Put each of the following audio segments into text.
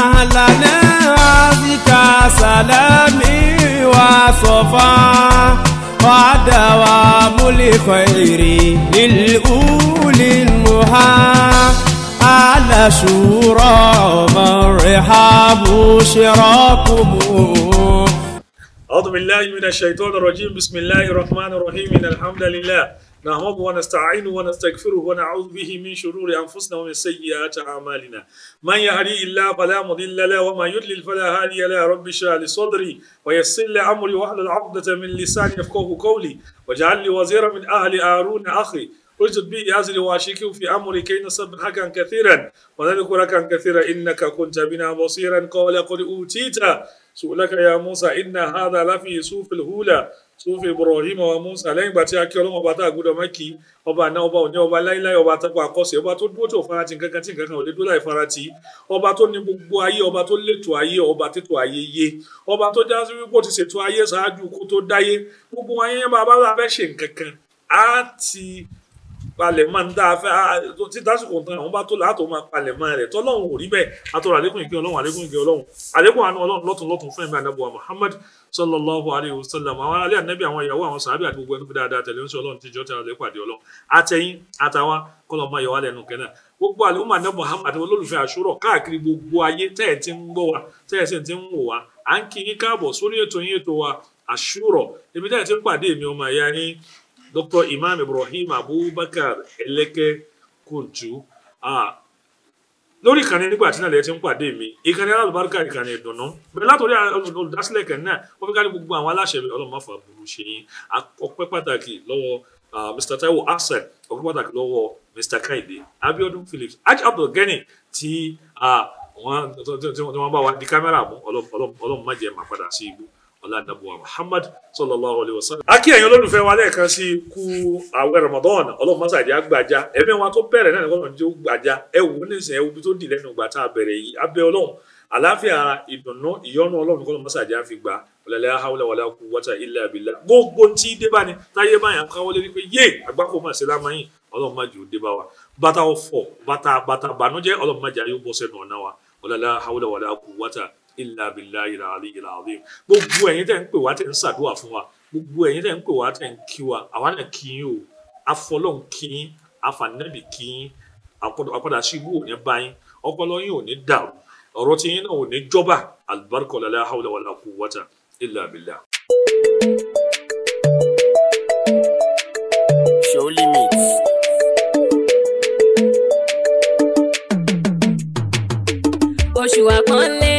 أهلا بك سلامي وصفا ودوام الخير للأولي المها على شورى مرحب شراكم أعوذ بالله من الشيطان الرجيم بسم الله الرحمن الرحيم إن الحمد لله نحمده ونستعينه ونستغفره ونعوذ به من شرور أنفسنا ومن سيئات أعمالنا من يهدي الله فلا مضل له ومن يضلل فلا هادي له رب اشرح لي صدري ويسر لي أمري واحلل عقدة من لساني يفقهوا قولي واجعل لي وزيرا من أهل هارون أخي اجد بي أزري وأشركه في أمري كي نسبحك كثيرا ونذكرك كثيرا إنك كنت بنا بصيرا قال قد أوتيت سؤلك يا موسى إن هذا لفي سوف الهولى sófè Ibrahim wa Musa lẹ́yìn ìgbà tí a kí ọlọ́run ọba tá a gbọ́dọ̀ mẹ́kì ọba àná ọba òní ọba láíláí ọba tó pa àkọsẹ̀ ọba tó dúró tí ò farati nǹkankan tí nǹkankan ò lè dúró láì farati ọba tó ní gbogbo ayé ọba tó létò ayé ọba tètò ayé yé ọba tó já sí wípé ó ti ṣètò ayé ṣáájú kó tó dáyé gbogbo ayé yẹn bá a bá fẹ́ ṣe nǹkankan á ti palẹ̀mọ́ ní dáa fẹ́ ah, tí dásìkò tán àwọn bá tó láàtò máa palẹ̀mọ́ rẹ̀ tọ́lọ́hún ò rí bẹ́ẹ̀ àtọ́rọ̀ àlékún ìgbé ọlọ́run àlékún ìgbé ọlọ́run àlékún àánú ọlọ́run lọ́tún lọ́tún fún ẹ̀mí anábọ̀ Muhammad sallallahu alayhi wa sallam àwọn alẹ́ ànábì àwọn ìyàwó àwọn sàábì àti gbogbo ẹni fi dáadáa tẹ̀lé oúnjẹ ọlọ́run tíjọ́ tẹ̀lé ọlẹ́ pàdé ọlọ́run àtẹ̀yìn àtàwa kọ́lọ̀ máa yọ wá lẹ́nu kẹ́nà gbogbo àlùmọ̀ àná Muhammad olólùfẹ́ àṣúrọ̀ káàkiri gbogbo ayé tẹ́ẹ̀ ti ń gbọ́ wa tẹ́ẹ̀ sì ti ń wò wá à ń kí yín káàbọ̀ sórí ètò yín ètò wa àṣúrọ̀ ibi tẹ́ẹ̀ ti ń pàdé èmi ọmọ ẹ̀yà yín Dr. Imam Ibrahim Abubakar Eleke Kuntu lórí ìkànnì nígbà tí náà lè ti ń pàdé mi ìkànnì alábàárìkà ìkànnì ìdùnnú bẹ́ẹ̀ látòrí olùdásílẹ̀ kẹ́ni náà wọ́n fi ká ní gbogbo àwọn aláṣẹ ọlọ́run burú ṣe yín ọpẹ́ pàtàkì lọ́wọ́ Mr. Taiwo Hassan ọpẹ́ pàtàkì lọ́wọ́ Mr. Kaide Abiodun Phillips Haji Abdulgani tí wọ́n bá wa di kámẹ́rà mú ọlọ́run má jẹ́ màá padà sí igbó ọlànàbùwà muhammad sallallahu alayhi wa sallam. akí ẹ̀yin olólùfẹ́ wa lẹ́ẹ̀kan sí kú àwẹ̀ ramadan ọlọ́run mọ́sàdí àgbàjá ẹ̀mí wa tó bẹ̀rẹ̀ náà nìkan tó gbàjá ẹ wò ó nísìnyí ẹ wo ibi tó dì lẹ́nu ìgbà tá a bẹ̀rẹ̀ yìí abẹ́ ọlọ́run àláfíà ara ìdùnnú ìyọ́nú ọlọ́run nìkan mọ́sàdí àfi gbà ọ̀lẹ́lẹ́ ahawulẹ̀ wàlẹ́ kú wọ́tà illa billah gbogbo tí débà ni táyé báyà káwọlé wípé yé àgbákò máa ṣe lámáyìn ọlọ́run má jù débà wa bàtà ọ̀fọ̀ bàtà bàtà ilà abilà ìlà àlè ìlà àlè gbogbo ẹ̀yin tẹ́ ń pè wá tẹ́ ń ṣàdúrà fún wa gbogbo ẹ̀yin tẹ́ ń pè wá tẹ́ ń kí wa àwa náà kí yín o afọlọ́n kí yín afànẹ́bì kí yín àpàdà ṣíbú ò ní bá yín ọpọlọ yín ò ní dàrú ọ̀rọ̀ tí yín náà ò ní jọba alibarika la hawla wala quwwata illa billah. show limits. oṣù àpọ́nlé.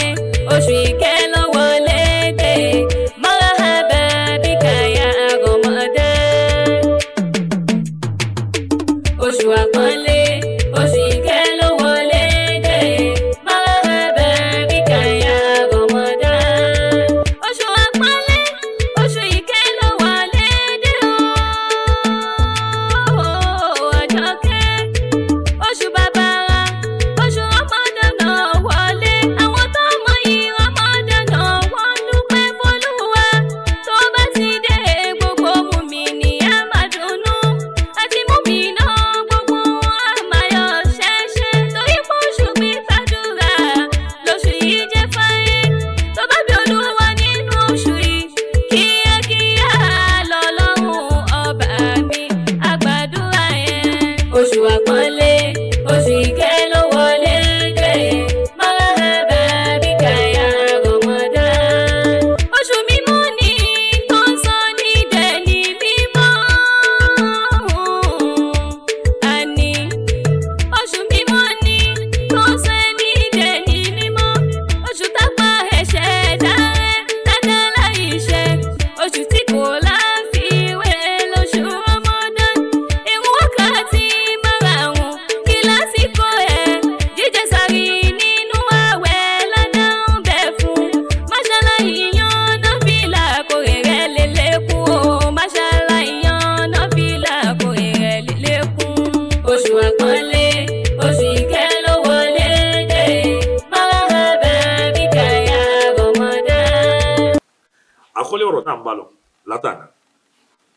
ń bá lọ látàná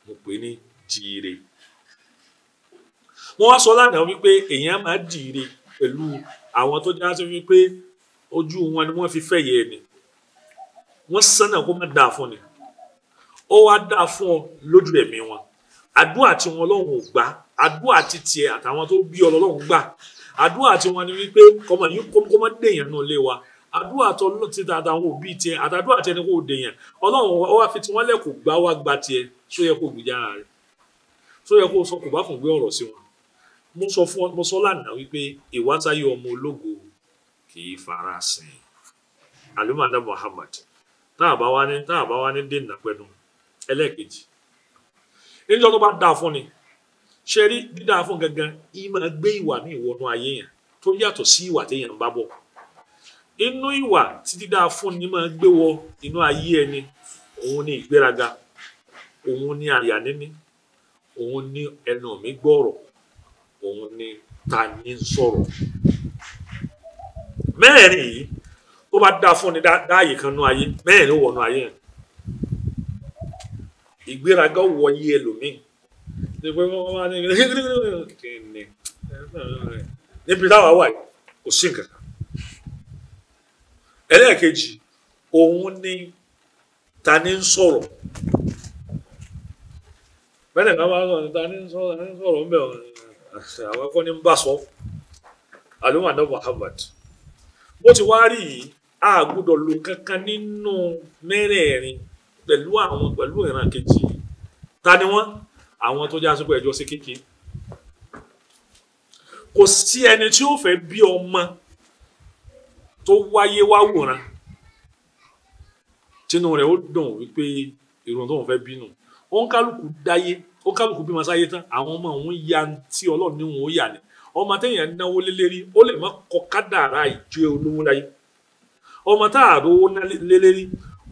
mo pè ní jíire mo wá sọ lánàá wípé èèyàn máa jíire pẹ̀lú àwọn tó já sí wípé ojú wọn ni wọ́n fi fẹ̀yẹ ni wọ́n sánà kó má dáa fún ni ó wá dáa fún ọ lójú ẹ̀mí wọn àdúrà tí wọn lọ́hùn gbà àdúrà ti tiẹ̀ àtàwọn tó bí ọ lọ́hùn gbà àdúrà tí wọn ni wípé kọ́mọ yìí kọ́mọdé èèyàn náà lé wa àdúrà tó lọ ti dáadáa àwọn òbí tiẹ̀ àtàdúrà tẹni kò dèèyàn Ọlọ́run ó wá fi tiwọn lẹ kò gbá wá gba tiẹ̀ só yẹ kó gbìjà ara rẹ só yẹ kó sọ kò bá kàn gbé ọ̀rọ̀ sí wọn mo sọ fún ọ mo sọ lánàá wípé ìwátáyé ọmọ ológo kì í fara sìn alimada Muhammad tá a bá wá ní tá a bá wá ní dènà pẹ̀lú ẹlẹ́ẹ̀kejì níjọ́ tó bá dáa fún ni ṣe rí dídáa fún gangan ìmọ̀ gbé ìwà ní ìwọ̀nú ayé yẹn tó yàtọ̀ sí ìwà téèyàn bá bọ̀ inú ìwà tí dídá fúnni máa gbé wọ inú ayé ẹni òun ni ìgbéraga òun ni àyà níní òun ni ẹnu mi gbọ́rọ̀ òun ni ta ni ń sọ̀rọ̀ mẹ́rin yìí tó bá dá fúnni dáàyè kan nú ayé mẹ́rin ó wọnú ayé yẹn ìgbéraga wọ yí ẹlòmíì níbi táwa wà yìí kò sí nǹkan kan ẹlẹ́ẹ̀kejì òun ni ta ni ń sọ̀rọ̀ bẹ́ẹ̀ nìkan bá sọ̀rọ̀ ta ni ń sọ̀rọ̀ ta ni ń sọ̀rọ̀ ń bẹ̀ àwọn ẹ̀kọ́ ni ń bá sọ àlùmọ̀ àdá Muhammad bó ti wá rí yìí a gbọ́dọ̀ lo kankan nínú mẹ́rẹ̀ẹ̀rin pẹ̀lú àwọn pẹ̀lú ìran kejì ta ni wọ́n àwọn tó jásí pé ẹjọ́ sí kékeré kò sí ẹni tí ó fẹ́ bí ọmọ tó wáyé wá wòran tinú rẹ̀ ó dùn wípé ìrùn tó ń fẹ́ bínú òun kálukú dáyé ó kálukú bímọ sáyé tán àwọn ọmọ òun ya tí ọlọ́run ní ó yà ni ọmọ téèyàn náwó lélẹ́rí ó lè má kọ kádàrá ìjọ olówó láyé ọmọ tá a rówó lélẹ́rí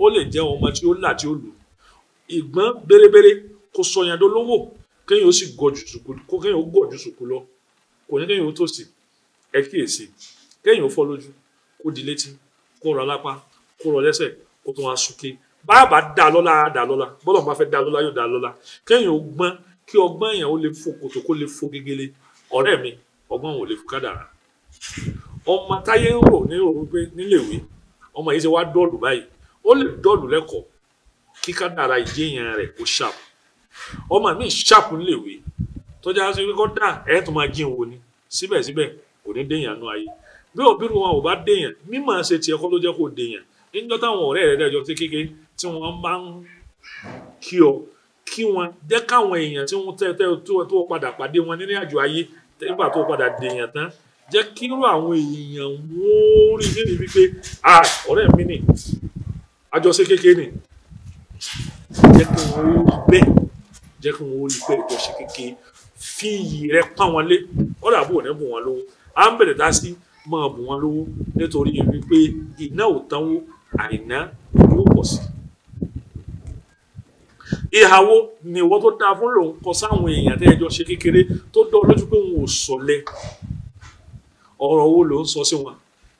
ó lè jẹ́ ọmọ tí ó là tí ó lù ìgbọ́n bérebére kò sọyàn dolówó kéèyàn ó sì gọjù sùkú kéèyàn ó gọjù sùkú lọ kò ní kéèyàn ó tòsí ẹ kíyèsí kéèyàn ó fọ́ lójú kó di létí kó rọ lápá kó rọ lẹ́sẹ̀ kó tún wá súnké báàbà dà lọ́la dà lọ́la bọ́lá ọ̀hún bá fẹ́ dà lọ́la yóò dà lọ́la kéèyàn gbọ́n kí ọgbọ́n èèyàn ó lè fò kòtò kó lè fò gegele ọ̀rẹ́ mi ọgbọ́n ò lè fò kádàrà ọmọ táyé ń rò ní òru pé níléèwé ọmọ yìí ti wá dọ́ọ̀lù báyìí ó lè dọ́ọ̀lù lẹ́kọ̀ọ́ kí kádàrà ìjéèyàn rẹ̀ kó ṣàpù ọmọ mi ṣàpù níléèwé tọ́jà sí kọ́ dà ẹ̀ tó máa jí òun ni síbẹ̀síbẹ̀ kò ní déèyàn nú ayé bí òbí ru wọn ò bá dèèyàn mímọ̀ ṣe tiẹ̀ kọ́ ló jẹ́ kó dèèyàn níjọ́ táwọn ọ̀rẹ́ rẹ̀ dẹ́jọ́ tí kéke tí wọ́n bá ń kí ọ kí wọn jẹ́ káwọn èèyàn tí wọ́n tẹ́ tó padà pàdé wọn nínú àjò ayé nígbà tó padà dèèyàn tán jẹ́ kí irú àwọn èèyàn wọ́n rí níbi wípé ọ̀rẹ́ mi nì àjọṣe kékeré nì jẹ́ kí wọ́n rí bẹ́ẹ̀ jẹ́ kí wọ́n rí bẹ́ẹ̀ àjọṣe kékeré fi iyì rẹ pọ́n wọn lé ọ̀dà àbúrò rẹ bù wọn lówó à ń bẹ̀rẹ̀ dá sí i máa bù wọn lówó nítorí wípé iná ò àìná yóò pọ̀ sí. ìhàwó ni ìwọ tó dáa fún lòun kọ sáwọn èèyàn tẹ́ ẹjọ́ ṣe kékeré tó dán lójú pé òun ò sọlẹ̀ ọ̀rọ̀ wo ló ń sọ sí wọn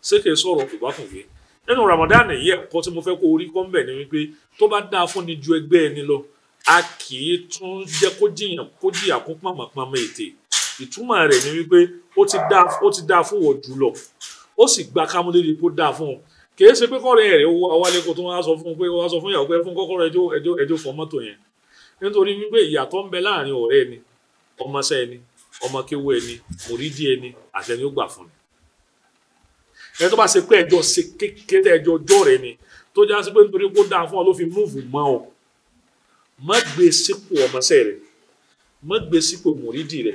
ṣé kìí kò bá fún mi nínú Ramadan yìí ẹ̀kọ́ tí mo fẹ́ kó orí kọ́ ń bẹ̀ ni wípé tó bá dáa fún ni ju ẹgbẹ́ ẹni lọ a kì í tún jẹ́ kó jìyàn kó jìyà kó pàmàpàmà ètè ìtumọ̀ rẹ̀ ni wípé ó ti dá ó ti dá fún wọn jùlọ ó sì gba kámúdé di kó dá fún un kìí ṣe pé kọ́rẹ́ rẹ̀ wálé kó tó wá sọ fún un pé wá sọ fún ìyàwó pé fún kọ́kọ́rọ́ ẹjọ́ ẹjọ́ ẹjọ́ fọ mọ́tò yẹn nítorí wípé ìyàtọ̀ ń bẹ láàrin ọ̀rẹ́ ẹni ọmọọṣẹ́ ẹni ọmọ ẹni mòrídìí ẹni àtẹni ó gbà fún ni ẹni tó bá ṣe pé ẹjọ́ ṣe kékeré ẹjọ́ ọjọ́ rẹ ni tó já sí pé nítorí kó dáa fún ọ ló fi múùfù mọ́ ọ má gbé sípò ọmọọṣẹ́ rẹ má gbé sípò mòrídìí rẹ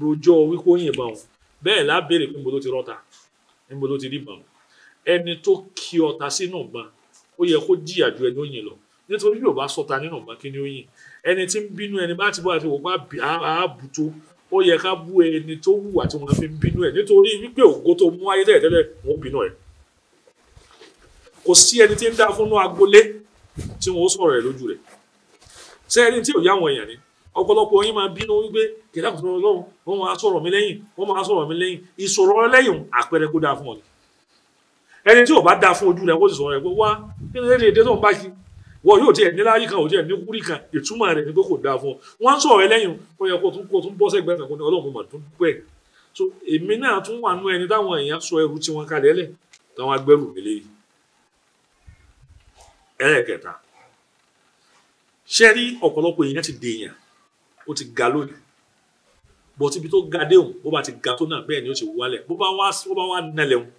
rojọ́ wípé ó yìnbọn o bẹ́ẹ̀ lábẹ́rẹ́ pé níbo ló ti rọ́ta níbo ló ti rí ìbọn ẹni tó kí ọta sínú ìbọn ó yẹ kó jìyà ju ẹni ó yìn lọ nítorí yóò bá sọta nínú ìbọn kí ni ó yìn ẹni tí ń bínú ẹni bá ti bọ́ àti wọ́pá àbùtó ó yẹ ká bú ẹni tó hùwà tí wọ́n fi ń bínú ẹ̀ nítorí wípé ògo tó mú ayé tẹ́lẹ̀tẹ́lẹ̀ wọ́n bínú ẹ̀ kò sí ẹni tí ń dá fúnnú agbolé tí wọ́n sọ̀rọ̀ ẹ̀ lójú rẹ̀ sẹ́yìn tí ò yá àwọn èèyàn ni ọ̀pọ̀lọpọ̀ yín máa bínú wípé kìláàkùtù ọlọ́run wọ́n máa sọ̀rọ̀ mi lẹ́yìn wọ́n máa sọ̀rọ̀ mi lẹ́yìn ìsọ̀rọ̀ lẹ́yìn àpẹẹrẹ kó dáa fún ọ ẹni tí ò bá dáa fún ojú rẹ kó sì sọ̀rọ̀ rẹ pé wá kí ni lédè tó ń bá kí wọ́n yóò tiẹ̀ ní láyé kan ò tiẹ̀ ní kúrì kan ìtumọ̀ rẹ̀ ni pé kò dáa fún ọ wọ́n sọ̀rọ̀ lẹ́yìn ó yẹ kó tún kó tún bọ́ sẹ́gbẹ́ kan kó ní ọlọ́run mà tún pẹ́ so èmi náà tún wà nú ẹni táwọn èèyàn sọ ẹrù tí wọ́n kalẹ̀ lẹ̀ táwọn agbẹ́rù mi lé ẹlẹ́kẹta ṣẹ́rí ọ̀pọ̀lọpọ̀ èèyàn ti dèèyàn ó ti ga lónìí bọ́tí ibi tó ga dé òun bó bá ti ga tó náà bẹ́ẹ̀ ni ó ti wálẹ̀ bó bá wá bó bá wá nalẹ̀ òun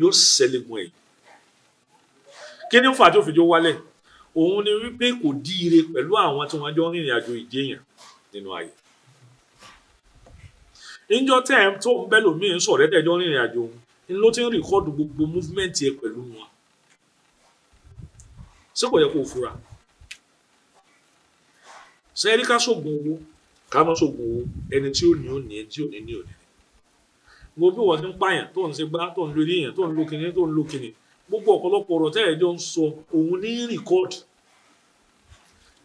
yóò sẹ́lẹ̀gùn ẹ̀yìn kí ni fà tó fi jó wálẹ̀ òun ni wípé kò díire pẹ̀lú àwọn tí wọ́n jọ ń rìnrìn àjò ìjéèyàn nínú ayé níjọ́ tẹ́ ẹ̀ tó ń bẹ́lò míì ń sọ̀rẹ́ tẹ́jọ́ rìnrìn àjò òun ni ló ti ń rìkọ́dù gbogbo múfímẹ́ǹtì ẹ pẹ̀lú wọn ṣé kò yẹ kó o fura sẹ́rí ká sóògùn owó ká má sóògùn owó ẹni tí ó ní ó ní ẹni tí ò ní ní ò ni, mo bí wọ́n ti ń pààyàn tó ń ṣe gbá tó ń lo eléyàn tó ń lo kinní tó ń lo kinní gbogbo ọ̀pọ̀lọpọ̀ ọ̀rọ̀ tẹ́lẹ̀ jọ ń sọ òun ní rìkọ́dù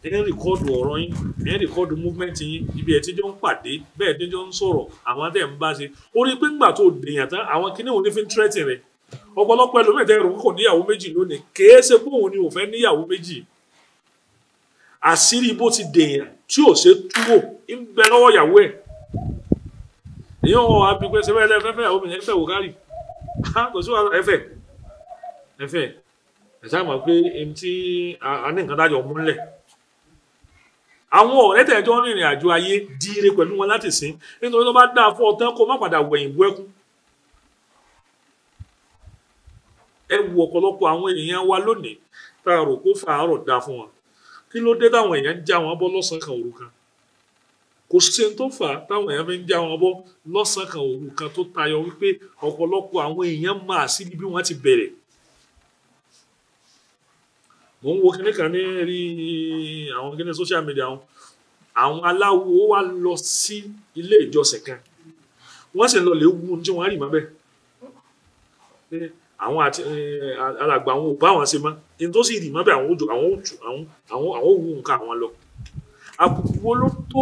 ẹ rìkọ́dù ọ̀rọ̀ yín ẹ rìkọ́dù múfẹ́ǹtì yín ibi ẹ̀ tí jọ ń pàdé bẹ́ẹ̀ tí jọ ń sọ̀rọ̀ àwọn tẹ̀ ń bá ṣe ó rí pé ńgbà tó dèèyàn tán àwọn kinní òun ní fi ń tírẹ́tì rẹ̀ ọ̀pọ̀lọpọ̀ ẹlòmíì tẹ́ ẹ̀rọ kò níyàwó méjì lónìí kèé ṣe pé òun ni òun fẹ́ níyàwó méjì àṣírí bó ti dèèyàn tí ò ṣe túwò ń bẹ lọ́wọ́ ìyàwó ẹ̀ èyí wọn wà bí pé ṣe fẹ́ẹ́ fẹ́ẹ́ obìnrin ẹ̀fẹ̀ wò kárì kò sí wàhálà ẹ̀fẹ̀ ẹ̀fẹ̀ ẹ̀sà mọ̀ pé ẹni tí a ní nǹkan dájọ́ múlẹ̀ àwọn ọ̀rẹ́ tẹ̀ jọ rìnrìn àjò ayé díire pẹ̀lú wọn láti sìn nítorí tó bá dáa fún ọtán kó má padà wẹ̀yìn bú ẹkún ẹ wo ọ̀pọ̀lọpọ̀ àwọn èèyàn wa lónìí tá a rò kó fàárọ̀ dáa fún wọn kí ló dé táwọn èèyàn ń já wọn bọ́ lọ́sàn kan òru kan kò sẹ́ni tó fà á táwọn èèyàn fi ń já wọn bọ́ lọ́sàn kan òru kan tó tayọ wípé ọ̀pọ̀lọpọ̀ àwọn èèyàn máa sí bí wọ́n ti bẹ̀rẹ̀ mò ń wo kíní kan ní rí àwọn kíní social media wọn àwọn aláwo wa lọ sí ilé ìjọsìn kan wọ́n sì lọ lè wú ohun tí wọ́n á rì mọ́ àwọn àti eh, alàgbà àwọn ò bá wọn ṣe mọ ní tó sì rì mọ bí àwọn òjò àwọn òjò àwọn àwọn àwọn òwú nǹkan àwọn lọ àbùkù wo ló tó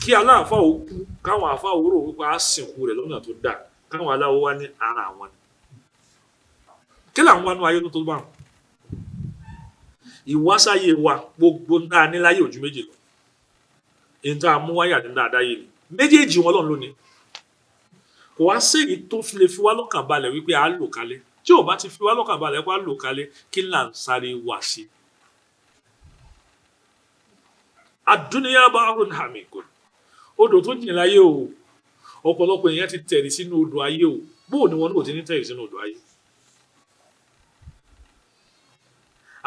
kí aláàfáà ó kú káwọn àfáà ó rò wípé á sìnkú rẹ̀ lọ́nà tó dáa káwọn aláwọ wá ní ara àwọn ni kí làwọn wánú ayé tó bá wọn ìwásáyé wa gbogbo ńlá níláyé ojú méjì lọ èyí tá a mú wáyà ní dáadáa yé ni méjèèjì wọn lọ́n lónìí kò wá séyìí tó lè fi wá lọ́kàn balẹ̀ wípé a lò kalẹ̀ tí ò bá ti fi wá lọ́kàn balẹ̀ wá lò kalẹ̀ kí là ń sáré wá sí. àdúnyá bá rún àmì kò odò tó jìn láyé o ọ̀pọ̀lọpọ̀ èèyàn ti tẹ̀rí sínú odò ayé o bóò ni wọn náà ti ní tẹ̀rí sínú odò ayé.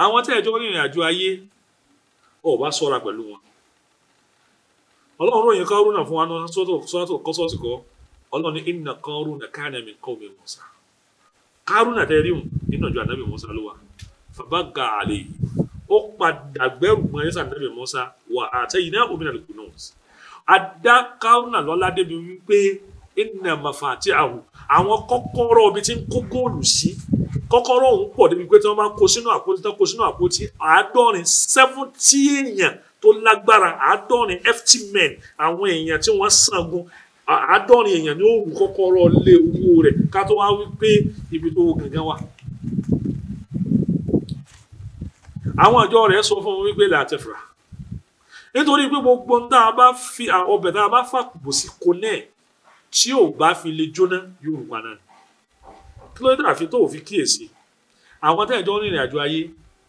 àwọn tẹ́ ẹ̀jọ́ rìnrìn àjò ayé ọba ṣọ́ra pẹ̀lú wọn ọlọ́run ròyìn kárúnà fún wa náà sọ́tò kọ́sọ́ọ̀sì kọ́ ọlọ́run ní inna qaruna kana min qawmi Musa kárùnà tẹ́ rí hùn nínú ìjọ ànábì Musa ló wà fabagha alayhi ó padà gbẹ́rù mọ́ ẹ̀sà ànábì Musa wà ataynahu min al-kunuz adá kárùnà lọ́lá débi wípé inna mafatihahu àwọn kọ́kọ́rọ́ ibi tí ń kó góòlù sí kọ́kọ́rọ́ òun pọ̀ débi pé tí wọ́n bá kó sínú àpótí tó lágbára àádọ́rin ft men àwọn èèyàn tí wọ́n sangun àádọ́rin èèyàn ni ó wù kọ́kọ́rọ́ lé owó rẹ̀ ká tó wá wí pé ibi tó wo gangan wà. àwọn àjọ rẹ̀ sọ fún wọn wípé làtẹ̀fà nítorí pé gbogbo tá a bá fi ọbẹ̀ tá a bá fàkùbò sí kọ́nẹ̀ tí ò bá fi lè jóná yóò náà kí ló dé àfi tó òfin kíyèsí àwọn tẹ́lẹ̀ jọ rìnrìn àjò ayé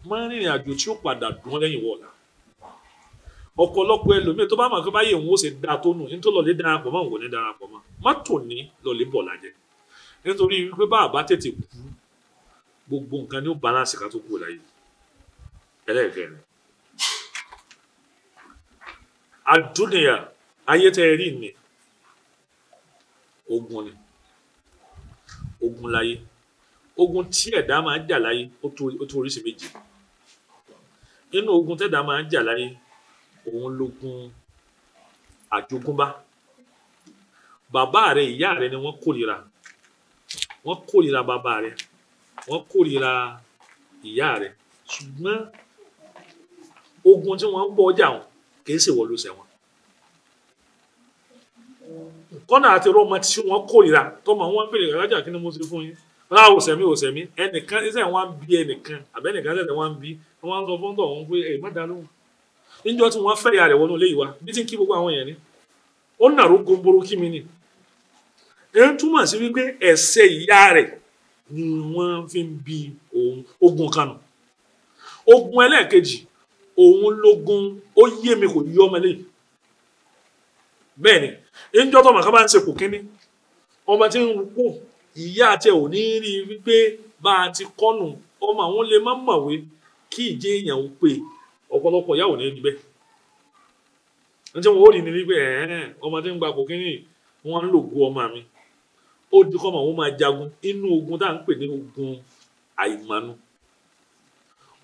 máa ń rìnrìn àjò tí ó padà dùn lẹ́yìn wọ̀ọ̀la ọ̀pọ̀lọpọ̀ ẹlòmíì tó bá mọ̀ pé báyìí òun ó ṣe dáa tó nù nítorí lọ́lẹ́ darapọ̀ mọ́ òun ní darapọ̀ mọ́ má tò ní lọ́lẹ́ bọ̀ lájẹ́ nítorí wípé bá àbá tètè kú gbogbo nǹkan ní ó balance ká tó kú láyé ẹlẹ́ẹ̀kẹrin àdúnìyà ayé tẹ rí ni ogun ni ogun láyé ogun tí ẹ̀dá máa ń jà láyé ó tó oríṣi méjì nínú ogun tẹ̀dá máa ń jà láyé òun Ajogunba, àjogúnbá bàbá rẹ ìyá rẹ ni wọ́n kórìíra wọ́n kórìíra bàbá rẹ wọ́n kórìíra ìyá rẹ ṣùgbọ́n ogun tí wọ́n gbọ́ ọjà wọn kì í ṣèwọ ló ṣẹ̀wọ̀n kọ́nà àti tí wọ́n kórìíra tọmọ wọn bèrè fún yín rárá òsèmí òsèmí ẹnìkan wọn bí ẹnìkan àbẹ́nìkan wọn bí wọ́n sọ fún tọ̀ pé níjọ́ tí wọ́n fẹ́ ìyá rẹ̀ wọnú ilé ìwà bí tí ń kí gbogbo àwọn èèyàn ni ó nàró gomboro kí mi ni ẹ ń túmọ̀ sí wípé ẹ̀ṣẹ̀ ìyá rẹ̀ ni wọ́n fi ń bi òun ogun kanu ogun ẹlẹ́ẹ̀kejì òun lógun ó yé mi kò yí ọmọ eléyìí bẹ́ẹ̀ ni níjọ́ tó màkà bá ń sepò kínní ọmọ tí ń rúpò ìyá àti ò ní rí wípé bá a ti kọ́nù ọmọ àwọn lè má mọ̀wé kí ìjẹ́ èèyàn ó pè é ọ̀pọ̀lọpọ̀ ìyá ò ní rí bẹ́ẹ̀ ní tí wọn ó rí ni wípé ọmọ tí ń gba kò kínní wọn ń lògo ọmọ mi ó di kọ́ màá wọn máa jagun inú ogun tá à ń pè ní ogun àìmánú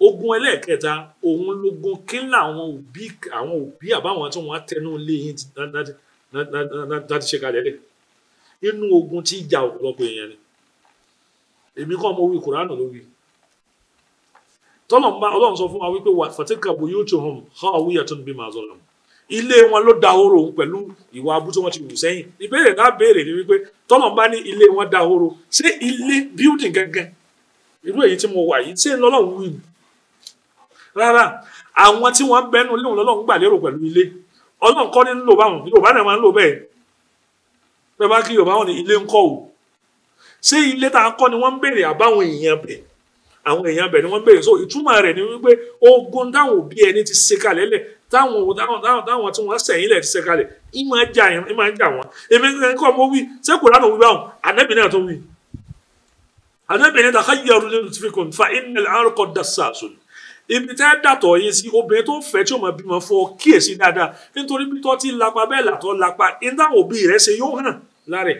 ogun ẹlẹ́ẹ̀kẹta òun lógun kí làwọn òbí àwọn òbí àbáwọn tí wọ́n tẹnu lé yín láti ṣe kalẹ̀ lẹ̀ inú ogun tí ìjà ọ̀pọ̀lọpọ̀ èèyàn ni èmi kọ́ mo wí kùránù ló wí tọ́lọ̀ ń bá ọlọ́run sọ fún wa wípé fatika buyutuhum khawiyatun bima zalam ilé wọn ló dahoro pẹ̀lú ìwà abú tí wọ́n ti wù sẹ́yìn ìbéèrè náà béèrè ni wípé tọ́lọ̀ ń bá ní ilé wọn dahoro ṣé ilé building gangan irú èyí tí mo wà yìí ṣé lọ́lọ́run wí ni rárá àwọn tí wọ́n bẹ́nu léwọn lọ́lọ́run gbà lérò pẹ̀lú ilé ọlọ́run kọ́ ní ń lò báwọn yorùbá náà máa ń lò bẹ́ẹ̀ bẹ́ẹ̀ bá kí yorùbá wọn ní ilé ń kọ́ o ṣé ilé tá a kọ́ ni wọ́n béèrè àbáwọn èèyàn bẹ́ẹ̀ àwọn èèyàn bẹ̀ ni wọ́n béèrè so ìtumọ̀ rẹ̀ ni wípé ogun táwọn òbí ẹni ti ṣe kalẹ̀ lẹ̀ táwọn táwọn táwọn táwọn tí wọ́n sẹ̀yìn lẹ̀ ti ṣe kalẹ̀ ìmọ̀ ajá ìmọ̀ ajá wọn èmi kọ́ mo wí ṣé Kùránì wí báwọn ànábì náà tó wí ànábì náà tàkà yẹ ọdún lẹ́nu tìfikù fa iná àrùkọ dasaasun ibi tẹ́ dàtọ̀ yìí sí obìnrin tó fẹ́ tí o máa bímọ fọ kíyèsí dáadáa nítorí bí tọ́ ti lapa bẹ́ẹ̀ làtọ́ lapa ìdáhùn òbí rẹ̀ ṣe yóò hàn lára ẹ̀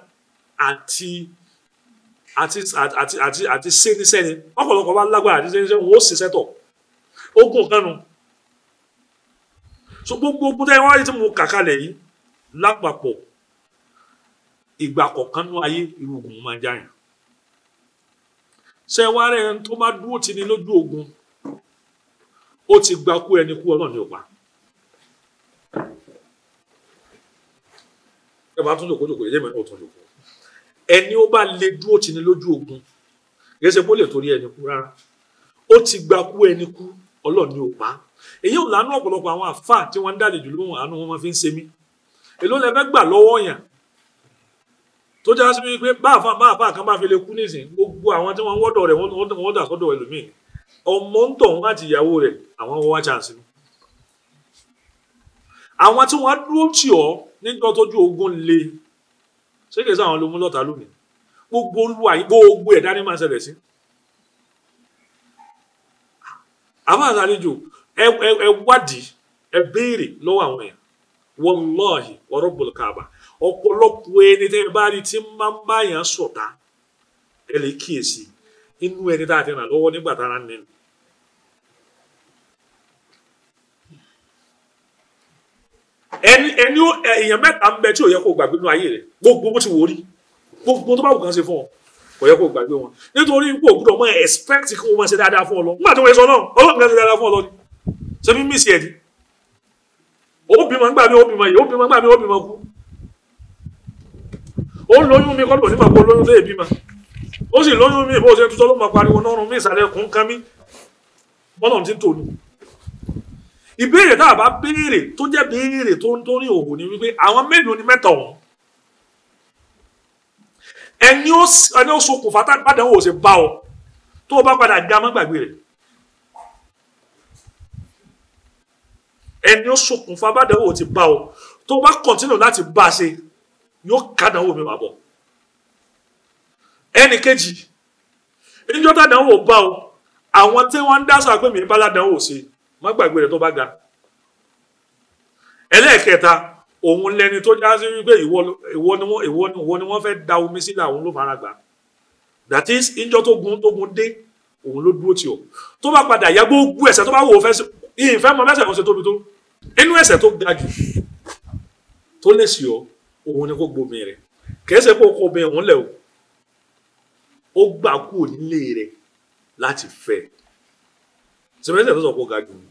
àti àti àti àti àti sẹ́nisẹ́ni ọ̀pọ̀lọpọ̀ bá lágbára àti sẹ́nisẹ́ni wọ́n ó sì sẹ́tọ̀ ogun kanu so gbogbo ogun tẹ́ wọ́n á yẹ tí mo kà kalẹ̀ yìí lápapọ̀ ìgbà kọ̀ọ̀kan ní ayé irú ogun máa jáyàn ṣe wá rẹ̀ tó bá dúró ti ní lójú ogun ó ti gba kú ẹni kú ọlọ́ọ̀ni ọ̀pá ẹ bá tún jòkó jòkó ẹ jẹ́ mi náà tún jòkó ẹni ó bá lè dúró tì ní lójú ogun gẹ́sẹ̀ bó lè torí ẹni kú rárá ó ti gba kú ẹni kú ọlọ́ọ̀ni ò pa èyí ò lánú ọ̀pọ̀lọpọ̀ àwọn àfà tí wọ́n ń dàlejò lóhùn àánú wọn fi ń ṣe mí èló lẹ fẹ́ gbà lọ́wọ́ yàn tó já sí pé báàfà báàfà kan bá fi lè kú nísìn gbogbo àwọn tí wọ́n wọ́dọ̀ rẹ̀ wọ́n dà sọ́dọ̀ ẹlòmíì ọmọ ń tọ̀ wọn àti ìyàwó rẹ̀ àwọn wọ́n wá chance ni àwọn tí wọ́n dúró tì ọ́ nígbà tójú ogun le ṣé kìí sáwọn ló lọta lọ́ta lónìí gbogbo olúwa yìí gbogbo ẹ̀dá ní máa ṣẹlẹ̀ sí. àwọn àlejò ẹ wádìí ẹ béèrè lọ́wọ́ àwọn èèyàn wọlọ́ọ̀hì ọ̀rọ̀ bọ̀lùkàbà ọ̀pọ̀lọpọ̀ ẹni tẹ́ ẹ bá rí tí máa ń bá yàn ẹ lè kíyèsí inú ẹni tá ẹni ẹni èèyàn mẹ́ta ń bẹ tí ò yẹ kó gbàgbé nínú ayé rẹ gbogbo bó ti wò rí gbogbo tó bá wù kàn ṣe fún ọ kò yẹ kó gbàgbé wọn nítorí pé o gbọ́dọ̀ mọ expect kí wọn máa ṣe dáadáa fún ọ lọ nígbà tó wọ́n sọ náà ọlọ́run kan ṣe dáadáa fún ọ lọ ni ṣe mí mísì ẹ̀ ni ó bímọ ń gbà mí ó bímọ yìí ó bímọ ń gbà mí ó bímọ kú ó lóyún mi kọ́dọ̀ nípa kó lóyún lé ìbímọ ó sì lóyún mi bó ṣe tutọ́ ló máa pariwo náà rún mí ìsàlẹ̀ kún kán mí bọ́lọ̀ ti tò ní ìbéèrè tá a bá béèrè tó jẹ́ béèrè tó ń tó ní òhò ni wípé àwọn mélòó ni mẹ́tọ̀ wọn ẹni ó ẹni ó ṣokùnfà tá padà ó sì bá ọ tó o bá padà ga má gbàgbé rẹ ẹni ó ṣokùnfà padà ó ti bá ọ tó o bá kọ̀ntínú láti bá a ṣe yóò kádàwó mi máa bọ̀ ẹnì kejì níjọ́ tádàwó bá ọ àwọn tí wọ́n ń dá sọ àpè mí bá ládàwó ṣe má gbàgbé rẹ̀ tó bá ga ẹlẹ́ẹ̀kẹta òun lẹni tó já sí wípé ìwọ ni wọ́n fẹ́ da omi sílẹ̀ àwọn ló fara gbà that is ìjọ tó gun tó gun dé òun ló dúró tì ọ́ tó bá padà yá gbogbo ẹ̀ṣẹ̀ tó bá wò ó fẹ́ ìfẹ́ mọ mẹ́sẹ̀ kan ṣe tóbi tó inú ẹ̀ṣẹ̀ tó ga jù tó lè sí ọ òun ni kò gbomi rẹ kẹsẹ̀ kó kó obìnrin òun lẹ̀ o ó gbà kú nílé rẹ láti fẹ́ ṣe tó sọ kó ga jù ní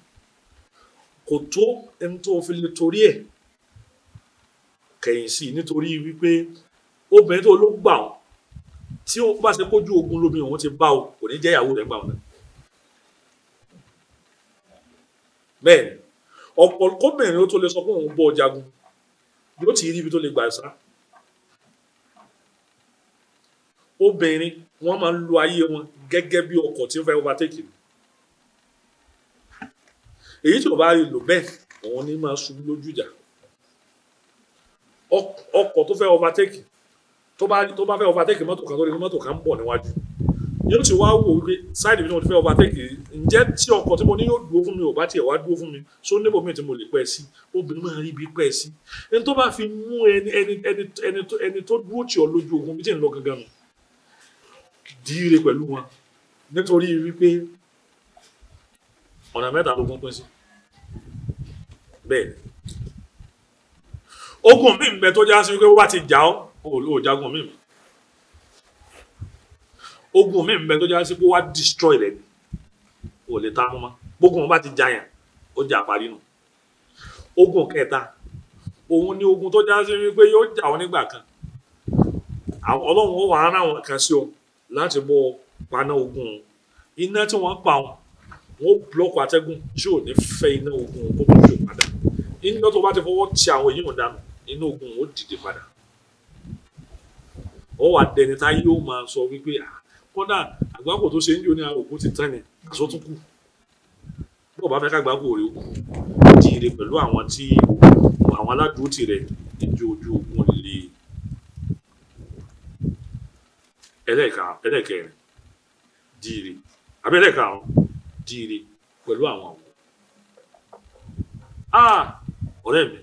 kò tó ẹni tó fi lè torí ẹ̀ kẹ̀yìn sí nítorí wípé obìnrin tó ló gbà ọ́ tí ó bá ṣe kójú ogun lómi òun ti bá o kò ní jẹ́ ìyàwó rẹ̀ gbà ọ́ náà bẹ́ẹ̀ ni ọ̀pọ̀ kóbìnrin ó tó lè sọ fún òun bọ́ jagun yóò ti rí ibi tó lè gbà sá obìnrin wọ́n máa ń lo ayé wọn gẹ́gẹ́ bí ọkọ̀ tí ó fẹ́ overtake ni èyí tí ò bá rí lò bẹ́ẹ̀ òun ní máa ṣubú lójú ìjà ọkọ̀ tó fẹ́ overtake tó bá tó bá fẹ́ overtake mọ́tò kan lórí mọ́tò kan ń bọ̀ níwájú yóò ti wá wò wípé sáìdì mi tí mo ti fẹ́ overtake ǹjẹ́ tí ọkọ̀ tí mo ní yóò dúró fún mi ò bá tiẹ̀ wá dúró fún mi só níbo mi tí mo lè pẹ́ sí obìnrin máa rí ibi pẹ́ sí ẹni tó bá fi mú ẹni ẹni ẹni ẹni ẹni tó dúró tì ọ lójú ogun mi tí ń lọ gangan nù díire pẹ̀lú wọn nítorí wípé ọ̀nà mẹ́ta lógún pín sí bẹ́ẹ̀ ogun mi bẹ tó já sí wípé wá ti jà ọ́ olóò jagun mi mọ́ ogun mi bẹ tó já se pé wá destroy rẹ̀ ni ò lè ta mọ́ gbógun bá ti jàyàn o jà parí nù ogun kẹta òun ni ogun tó já se wípé yóò jà ọ́ nígbà kan àwọn ọlọ́run ó wà á ráwọn kan sí ọ láti bọ́ paná ogun iná tí wọ́n pa wọn wọ́n blọ́ọ̀kù atẹ́gùn tí ní fẹ́ iná ogun kó tó ṣe padà iná tó bá ti fọwọ́ ti àwọn èyí dànù iná ogun ó dìde padà ó wà dẹni tá yóò máa sọ wípé ah, kódà àgbákò tó ṣe ń jò ní àròkù ti tán ni bí ọba fẹ́ kágbákò rẹ̀ ó kù dìre pẹ̀lú àwọn tí àwọn aládùú tirẹ̀ ìjọ ojú ogun lè ẹlẹ́ẹ̀kẹrin dìre àbẹ́lẹ́ẹ̀kẹrin díire pẹ̀lú àwọn wo ah ọ̀rẹ́ mi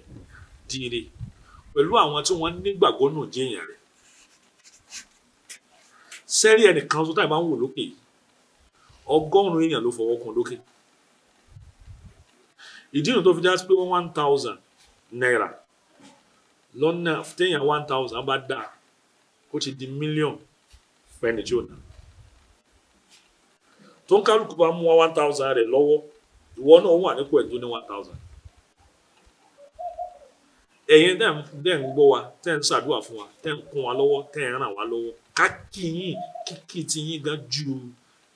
díire pẹ̀lú àwọn tí wọ́n nígbàgbọ́ nù jẹ́yàn rẹ̀ sẹ́rí ẹnìkan tó táyì máa ń wò lókè ọgọ́rùn èèyàn ló fọwọ́ kan lókè ìdí nu tó fi já sí pé one thousand naira lọ́nà téèyàn one thousand bá dáa ó ti di mílíọ̀nù fẹ́ni tí ò náà. tó ń kálukú bá mú one thousand rẹ̀ lọ́wọ́ ìwọ náà wà nípò ẹ̀ tó ní one thousand ẹ̀yin dẹ́ ń gbọ́ wa tẹ́ ń ṣàdúrà fún wa tẹ́ ń kún wa lọ́wọ́ tẹ́ ń ràn wá lọ́wọ́ ká kí yín kíkì tí yín gan ju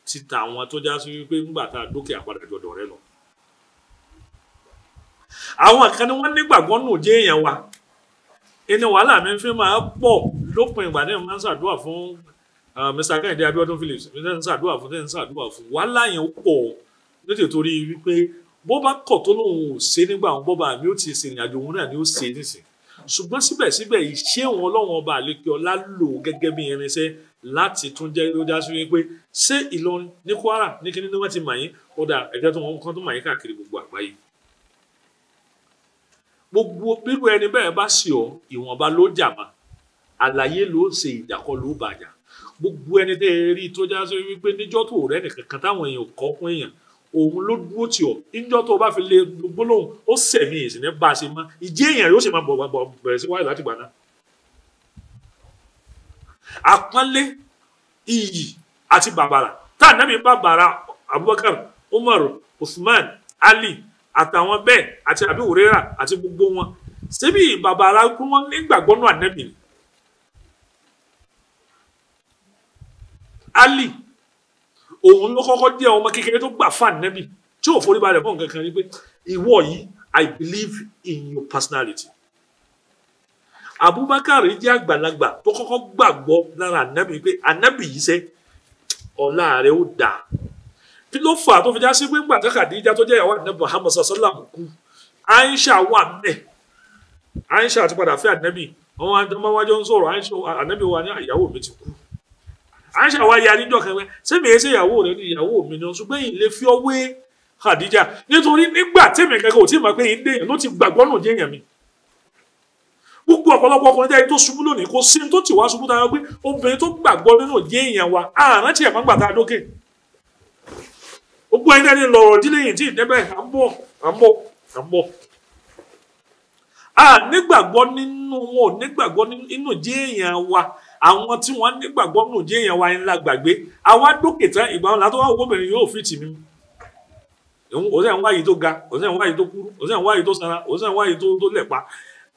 títa àwọn tó já sí wípé ńgbà tá a dókè àpadà jọ̀dọ̀ rẹ lọ. àwọn kan ni wọ́n nígbàgbọ́ nù jẹ́ èèyàn wa ẹni wàhálà mi fi máa pọ̀ lópin ìgbà náà máa ń ṣàdúrà fún Mr. Kẹ́hìndé Abíọ́dún Phillips ṣe ń ṣàdúrà fún ṣe ń ṣàdúrà fún wàhálà yẹn pọ̀ lóde torí wípé bó bá kọ̀ tó lóun ò ṣe nígbà àwọn bọ́ba mi ó ti ṣe ìrìnàjò òun náà ni ó ṣe nísìn ṣùgbọ́n síbẹ̀síbẹ̀ ìṣe wọn ọlọ́run ọba àlekè ọlá lò gẹ́gẹ́ bí irinṣẹ́ láti tún jẹ́ ló já sí wípé ṣé Ìlọrin ní Kwara ní kíní ni wọ́n ti mà yín ọ̀dà ẹ̀jẹ̀ tó wọn kán tó mà yín káàkiri gbogbo àgbáyé gbogbo bírú ẹni bẹ́ẹ̀ bá sì ọ ìwọ̀nba ló jà mà àlàyé ló ṣe ìjà ló bàjá gbogbo ẹni tẹ́ ẹ rí tó já sí wípé níjọ́ tó rẹ́ nìkankan táwọn èèyàn kọ́ fún èèyàn òun ló dúró tì ọ́ níjọ́ tó o bá fi lè gbólóhùn ó sẹ̀mí ìsìn ní bá a ṣe mọ́ ìjẹ́ èèyàn yóò ṣe máa bọ̀ bẹ̀rẹ̀ sí wáyé láti gbà náà. àpọ́nlé iyì àti bàbàrà tá à nẹ́bí bàbàrà Abubakar Umar Usman Ali àtàwọn bẹ́ẹ̀ àti Abi Huraira àti gbogbo wọn ṣebí bàbàrà kún wọn nígbàgbọ́nú ànẹ́bì ni ali òun ló kọ́kọ́ jẹ́ ọmọ kékeré tó gbà fún ànẹ́bì tí ò forí balẹ̀ fún nǹkan kan ni pé ìwọ yìí i believe in your personality abubakar jẹ́ àgbàlagbà tó kọ́kọ́ gbàgbọ́ lára ànẹ́bì pé ànẹ́bì yìí ṣe ọ̀la rẹ̀ ó dà kí ló fà tó fi já sí pé ńgbà tí Khadija tó jẹ́ ìyàwó ànẹ́bì Muhammad sasọ́là kú aisha wà nẹ̀ aisha ti padà fẹ́ ànẹ́bì àwọn àjọmọ́wájọ́ ń sọ̀rọ̀ ànẹ́bì wa ní ìyàwó mi ti kú àṣà wa ya níjọ́ kan sẹ́mi ẹ̀ ṣe ìyàwó rẹ ní ìyàwó mi ni ṣùgbọ́n yìí lè fi ọwé Khadija nítorí nígbà tèmi kankan ò tí ì mọ̀ pé yìí ń dé èèyàn ló ti gbàgbọ́ náà jẹ́ èèyàn mi gbogbo ọ̀pọ̀lọpọ̀ ọkùnrin tẹ́ tó ṣubú lónìí kò sí tó ti wá ṣubú tayọ pé obìnrin tó gbàgbọ́ nínú jẹ́ èèyàn wa àrùn tí ẹ̀fọn gbà tá a dókè gbogbo ẹni tẹ́ni lọ̀rọ̀ dílé yìí tí ìdẹ́bẹ̀ à ń bọ̀ à ń bọ̀ à ń bọ̀ à nígbàgbọ́ nínú wọn nígbàgbọ́ nínú jẹ́ wa àwọn tí wọ́n nígbàgbọ́ nù jẹ́ èèyàn wa ń la gbàgbé àwa dókè tán ìgbà wọn látọwọ́ gómìnrin yóò fìtì mi òsè ń wáyé tó ga òsè ń wáyé tó kúrú òsè ń wáyé tó sanra òsè ń wáyé tó lẹ̀pa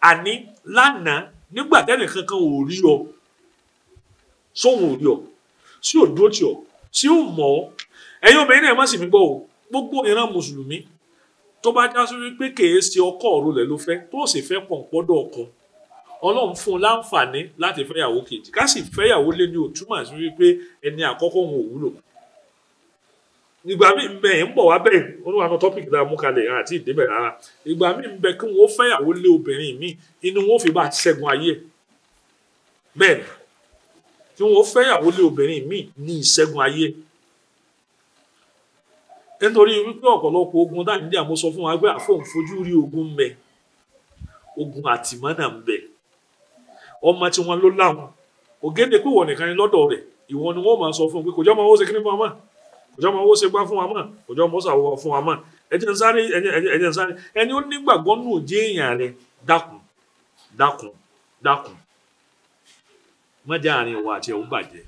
àní lánàá nígbà tẹ́nì kankan ò rí ọ sóhun ò rí ọ sí ò dúró tì ọ sí ò mọ̀ ọ ẹ̀yin obìnrin náà má sì mí gbọ́ o gbogbo ìran mùsùlùmí tó bá já sí wípé kèé ṣe ọkọ òru lẹ ló fẹ́ tó sì fẹ́ pọ̀npọ́dọ̀ ọkọ ọlọ́run fún un láǹfààní láti fẹ́yàwó kejì ká sì fẹ́yàwó lé ní òtúmọ̀ sí wípé ẹni àkọ́kọ́ òun ò wúlò ìgbà mi ń bẹ ẹ̀ ń bọ̀ wá bẹ́ẹ̀ olúwa kan tọ́pìkì tá mú kalẹ̀ àti ìdébẹ̀ rárá ìgbà mi ń bẹ kí wọ́n fẹ́yàwó lé obìnrin mi inú wọn fi bá a ṣẹ́gun ayé bẹ́ẹ̀ kí wọ́n fẹ́yàwó lé obìnrin mi ní ìṣẹ́gun ayé nítorí wípé ọ̀pọ̀lọpọ̀ ogun dáhìndé àmọ́ sọ fún wa pé àfọ̀n fojú rí ogun ń bẹ ogun àtìmọ́nà ń bẹ ọmọ tí wọn ló láwọn ògédè pé wọn nìkan ni lọ́dọ̀ rẹ̀ ìwọ ni wọn máa sọ fún un pé kò jọ ọmọ owó ṣe kíní fún wa mọ́ kò jọ ọmọ owó ṣe gbá fún wa mọ́ kò jọ ọmọ ṣàwọ fún wa mọ́ ẹjẹ ń sáré ẹjẹ ń sáré ẹni ó nígbàgbọ́ nù jẹ́ èèyàn rẹ̀ dákun dákun dákun mọ́jà àárín wa àti ẹ̀hún bàjẹ́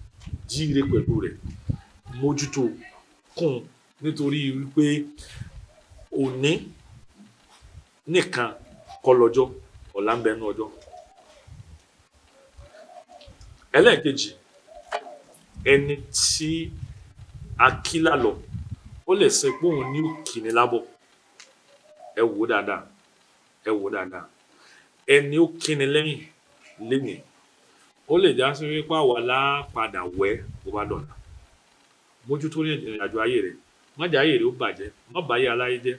jíire pẹ̀lú rẹ̀ mójútó kún nítorí wípé òní nìkan kọ́ lọ́jọ́ ọjọ́ ẹlẹ́ẹ̀kejì ẹni tí a kí lálọ ó lè sọ pé òun ní òkìní lábọ̀ ẹ wò ó dáadáa ẹ wò ó dáadáa ẹni ó kíni lẹ́yìn lẹ́yìn ó lè já sí wípé àwa la padà wẹ́ bó bá dọ̀la mójútó ní ìrìn àjò ayé rẹ̀ májà ayé rẹ̀ ó bàjẹ́ má bàyé aláyé jẹ́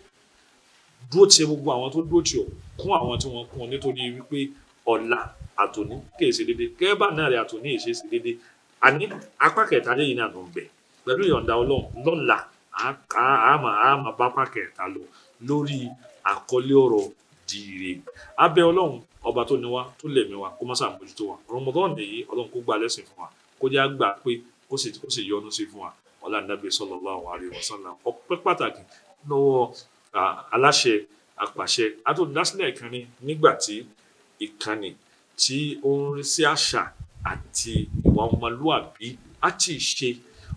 dúró ti gbogbo àwọn tó dúró ti kún àwọn tí wọ́n kún nítorí wípé ọ̀la àtòní kìí ṣe déédéé kẹ́ẹ́ bá náà rẹ̀ àtòní ìṣe ṣe déédéé àní apá kẹta lè yín àná ń bẹ̀ pẹ̀lú ìyọ̀ǹda ọlọ́run lọ́la àmà àmà bá apá kẹta lọ lórí àkọlé ọ̀rọ̀ dìre abẹ́ ọlọ́run ọba tó ní wa tó lẹ̀mí wa kó má sàmójútó wa Ramadan nìyí ọlọ́run kó gbà lẹ́sìn fún wa kó jẹ́ àgbà pé kó sì kó sí fún wa ọlá nàbẹ sallallahu alaihi wasallam ọpẹ́ pàtàkì lọ́wọ́ aláṣẹ àpàṣẹ àtòdásílẹ̀ ìkànnì nígbà tí ìkànnì tí ó ń rí sí àṣà àti ìwà ọmọlúàbí àti ìṣe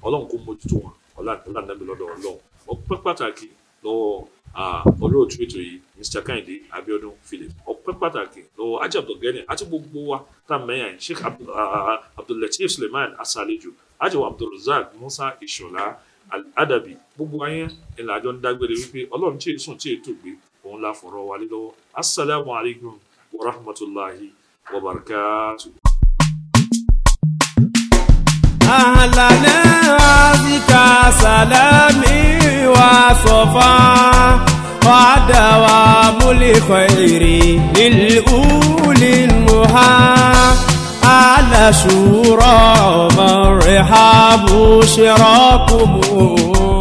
ọlọ́run kó mójútó wọn ọlá nàbí lọ́dọ̀ ọlọ́run ọpẹ́ pàtàkì lọ́wọ́ olóòtú ètò yìí mr kehinde abiodun philip ọpẹ́ pàtàkì lọ́wọ́ ajé abdulgani àti gbogbo wa tá sheikh abdulateef suleiman asalejo ajé abdulrazak musa ishola adabi gbogbo ayé ìlànà àjọ ń dágbére wípé ọlọ́run tí èso tí ètò gbé òun la fọ̀rọ̀ wa lọ́wọ́ asalaamualeykum wa rahmatulahi. وبركاته أهلا بك سلامي وصفا ودوام الخير للأولي المها على شورى مرحب شراكم